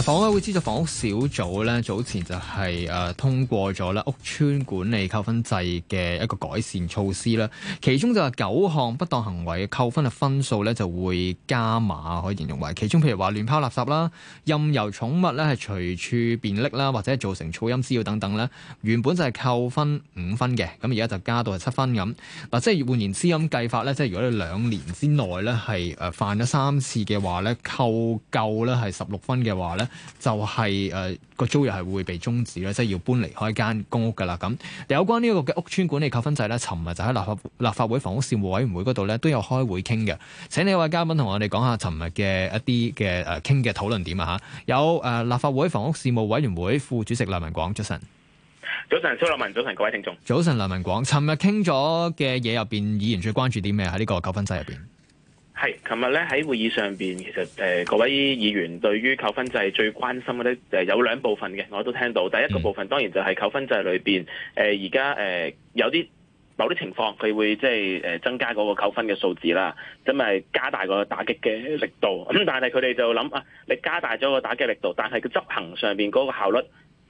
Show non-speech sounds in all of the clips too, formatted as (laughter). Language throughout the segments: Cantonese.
房屋委會資助房屋小組咧，早前就係誒通過咗咧屋邨管理扣分制嘅一個改善措施啦。其中就係九項不當行為嘅扣分嘅分數咧，就會加碼可以形容為。其中譬如話亂拋垃圾啦、任由寵物咧係隨處便溺啦，或者係造成噪音滋擾等等咧，原本就係扣分五分嘅，咁而家就加到係七分咁。嗱，即係換言之，咁計法咧，即係如果你兩年之內咧係犯咗三次嘅話咧，扣夠咧係十六分嘅話咧，就係誒個租約係會被終止啦，即係要搬離開間公屋噶啦。咁有關呢個嘅屋邨管理扣分制咧，尋日就喺立法立法會房屋事務委員會嗰度咧都有開會傾嘅。請你位嘉賓同我哋講下尋日嘅一啲嘅誒傾嘅討論點啊吓。有誒、啊、立法會房屋事務委員會副主席梁文廣，早晨。早晨，蘇立文，早晨，各位聽眾。早晨，梁文廣，尋日傾咗嘅嘢入邊，議員最關注啲咩喺呢個扣分制入邊？係，琴日咧喺會議上面，其實誒、呃、各位議員對於扣分制最關心嘅咧、呃、有兩部分嘅，我都聽到。第一個部分當然就係扣分制裏面。誒而家誒有啲某啲情況，佢會即係、呃、增加嗰個扣分嘅數字啦，咁、就、咪、是、加大個打擊嘅力度。咁、嗯、但係佢哋就諗啊，你加大咗個打擊力度，但係佢執行上面嗰個效率，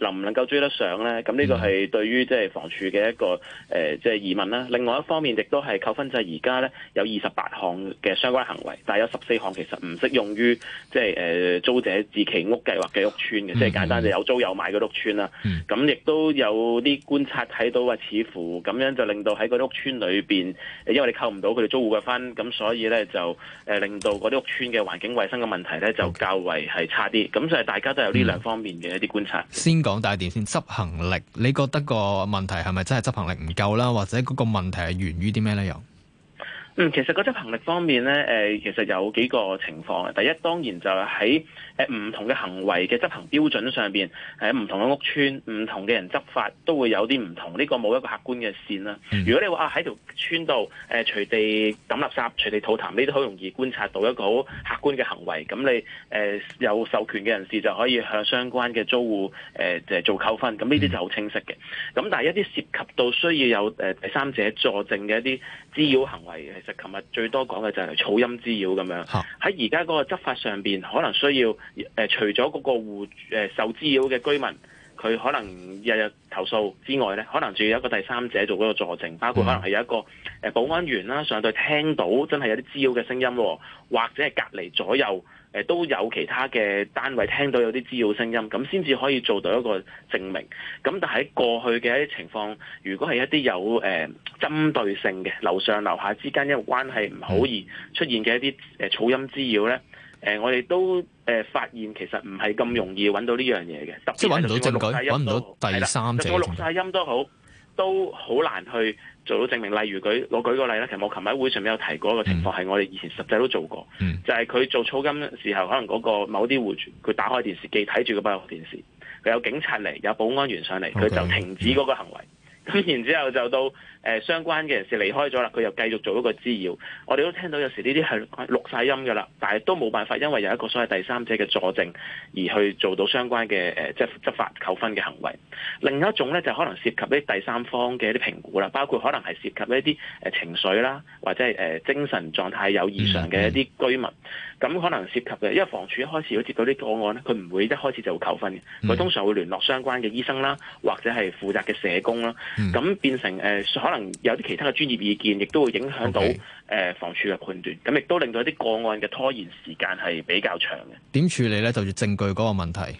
能唔能夠追得上咧？咁呢個係對於即係房署嘅一個誒，即係疑問啦。另外一方面亦都係扣分制，而家咧有二十八項嘅相關行為，但有十四項其實唔適用於即係誒租者自其屋計劃嘅屋邨嘅。即係、嗯、簡單就有租有買嘅屋邨啦。咁亦都有啲觀察睇到啊似乎咁樣就令到喺嗰啲屋邨裏邊，因為你扣唔到佢哋租戶嘅分，咁所以咧就令到嗰啲屋邨嘅環境衛生嘅問題咧就較為係差啲。咁所以大家都有呢兩方面嘅一啲觀察。先講講大點先，執行力，你覺得個問題係咪真係執行力唔夠啦，或者嗰個問題係源於啲咩咧又？嗯，其實個執行力方面咧、呃，其實有幾個情況嘅。第一，當然就係喺唔同嘅行為嘅執行標準上面，喺唔同嘅屋邨，唔同嘅人執法都會有啲唔同。呢、這個冇一個客觀嘅線啦。如果你話啊喺條邨度隨、呃、地抌垃圾、隨地吐痰，呢啲好容易觀察到一個好客觀嘅行為。咁你誒、呃、有授權嘅人士就可以向相關嘅租戶誒、呃、做扣分。咁呢啲就好清晰嘅。咁但係一啲涉及到需要有第三者作證嘅一啲滋擾行為。就琴日最多講嘅就係噪音滋擾，咁樣喺而家嗰個執法上邊，可能需要誒、呃、除咗嗰個戶誒、呃、受滋擾嘅居民。佢可能日日投訴之外呢，可能仲要有一個第三者做嗰個助證，包括可能係有一個保安員啦，上到聽到真係有啲滋擾嘅聲音、哦，或者係隔離左右、呃、都有其他嘅單位聽到有啲滋擾聲音，咁先至可以做到一個證明。咁但係喺過去嘅一啲情況，如果係一啲有、呃、針對性嘅樓上樓下之間因為關係唔好而出現嘅一啲誒噪音滋擾呢。誒、呃，我哋都誒、呃、發現其實唔係咁容易揾到呢樣嘢嘅，即係揾唔到證據，揾唔到第三者。我錄晒音都好，都好難去做到證明。例如舉我舉個例啦，其實我琴日喺會上面有提過一個情況，係、嗯、我哋以前實際都做過，嗯、就係佢做草金時候，可能嗰個某啲戶主，佢打開電視機睇住個閉路電視，佢有警察嚟，有保安員上嚟，佢就停止嗰個行為。嗯嗯咁 (laughs) 然之後就到誒相關嘅人士離開咗啦，佢又繼續做一個滋擾。我哋都聽到有時呢啲係錄晒音㗎啦，但係都冇辦法，因為有一個所謂第三者嘅佐證，而去做到相關嘅即、呃、執法扣分嘅行為。另一種咧就可能涉及啲第三方嘅一啲評估啦，包括可能係涉及一啲情緒啦，或者係、呃、精神狀態有異常嘅一啲居民。咁、mm hmm. 可能涉及嘅，因為房署一開始會接到啲個案咧，佢唔會一開始就會扣分嘅，佢通常會聯絡相關嘅醫生啦，或者係負責嘅社工啦。咁、嗯、變成、呃、可能有啲其他嘅專業意見，亦都會影響到誒 Okay.、呃、房署嘅判斷，咁亦都令到一啲個案嘅拖延時間係比較長嘅。點處理咧？就住證據嗰個問題。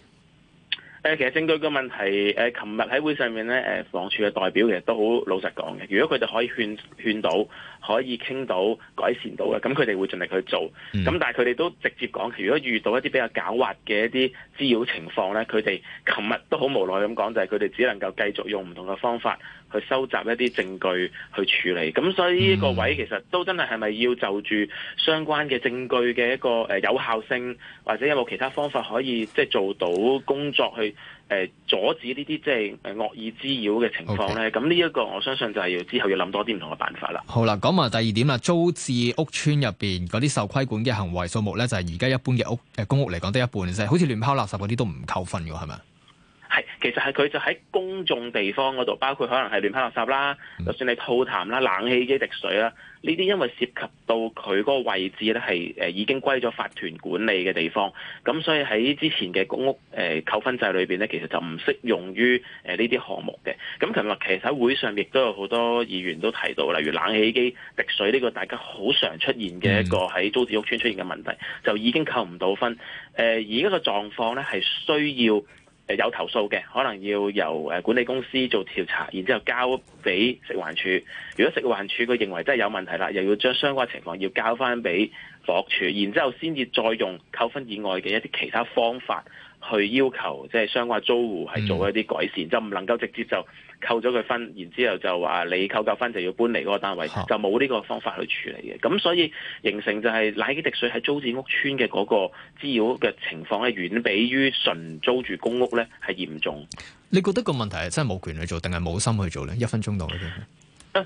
誒其實證據個問題，誒琴日喺會上面咧，誒房署嘅代表其實都好老實講嘅。如果佢哋可以勸勸到，可以傾到改善到嘅，咁佢哋會盡力去做。咁、mm. 但係佢哋都直接講，其實如果遇到一啲比較狡猾嘅一啲滋擾情況咧，佢哋琴日都好無奈咁講，就係佢哋只能夠繼續用唔同嘅方法。去收集一啲證據去處理，咁所以呢個位其實都真係，係咪要就住相關嘅證據嘅一個誒有效性，或者有冇其他方法可以即係、就是、做到工作去誒、呃、阻止呢啲即係惡意滋擾嘅情況咧？咁呢一個我相信就係要之後要諗多啲唔同嘅辦法啦。好啦，咁啊第二點啦，租置屋邨入邊嗰啲受規管嘅行為數目咧，就係而家一般嘅屋誒、呃、公屋嚟講都一半啫，好似亂拋垃圾嗰啲都唔扣分㗎，係咪？其實係佢就喺公眾地方嗰度，包括可能係亂拋垃圾啦，嗯、就算你吐痰啦、冷氣機滴水啦，呢啲因為涉及到佢嗰個位置咧，係誒、呃、已經歸咗法團管理嘅地方，咁所以喺之前嘅公屋誒、呃、扣分制裏邊咧，其實就唔適用於誒呢啲項目嘅。咁琴日其實喺會上亦都有好多議員都提到，例如冷氣機滴水呢、這個大家好常出現嘅一個喺租置屋邨出現嘅問題，嗯、就已經扣唔到分。誒、呃、而家嘅狀況咧，係需要。有投訴嘅，可能要由誒管理公司做調查，然之後交俾食環署。如果食環署佢認為真係有問題啦，又要將相關情況要交翻俾房署，然之後先至再用扣分以外嘅一啲其他方法。去要求即係相關租戶係做一啲改善，嗯、就唔能夠直接就扣咗佢分，然之後就話你扣夠分就要搬離嗰個單位，啊、就冇呢個方法去處理嘅。咁所以形成就係賴幾滴水喺租置屋邨嘅嗰個滋擾嘅情況咧遠比於純租住公屋咧係嚴重。你覺得個問題係真係冇權去做，定係冇心去做咧？一分鐘度。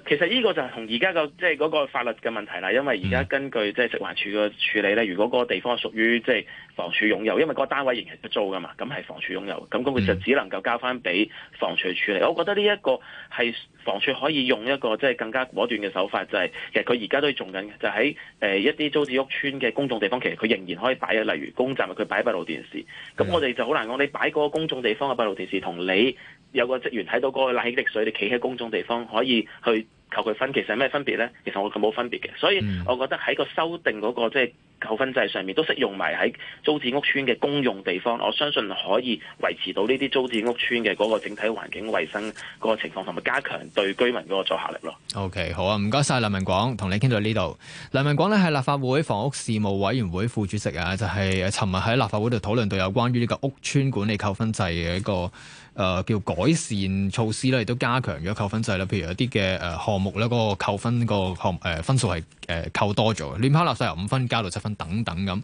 其實呢個就係同而家個即係嗰個法律嘅問題啦。因為而家根據即係食環署嘅處理咧，如果嗰個地方屬於即係房署擁有，因為嗰個單位仍然係出租㗎嘛，咁係房署擁有，咁咁佢就只能夠交翻俾房署去處理。我覺得呢一個係房署可以用一個即係更加果斷嘅手法，就係、是、其實佢而家都係做緊嘅，就喺、是、誒一啲租置屋邨嘅公眾地方，其實佢仍然可以擺，例如公站佢擺閉路電視。咁的我哋就好難講，你擺個公眾地方嘅閉路電視，同你有個職員睇到嗰個冷氣嘅滴水，你企喺公眾地方可以去。扣佢分其實係咩分別咧？其實我佢冇分別嘅，所以我覺得喺個修訂嗰、嗰個，即係。扣分制上面都適用埋喺租置屋邨嘅公用地方，我相信可以維持到呢啲租置屋邨嘅嗰個整體環境衞生嗰個情況，同埋加強對居民嗰個作效力咯。OK，好啊，唔該晒。梁文廣，同你傾到呢度。梁文廣呢係立法會房屋事務委員會副主席啊，就係誒尋日喺立法會度討論到有關於呢個屋邨管理扣分制嘅一個誒、呃、叫改善措施咧，亦都加強咗扣分制啦。譬如一啲嘅誒項目咧，嗰、那個扣分個項誒、呃、分數係。誒、呃、扣多咗，亂拋垃圾由五分加到七分等等咁。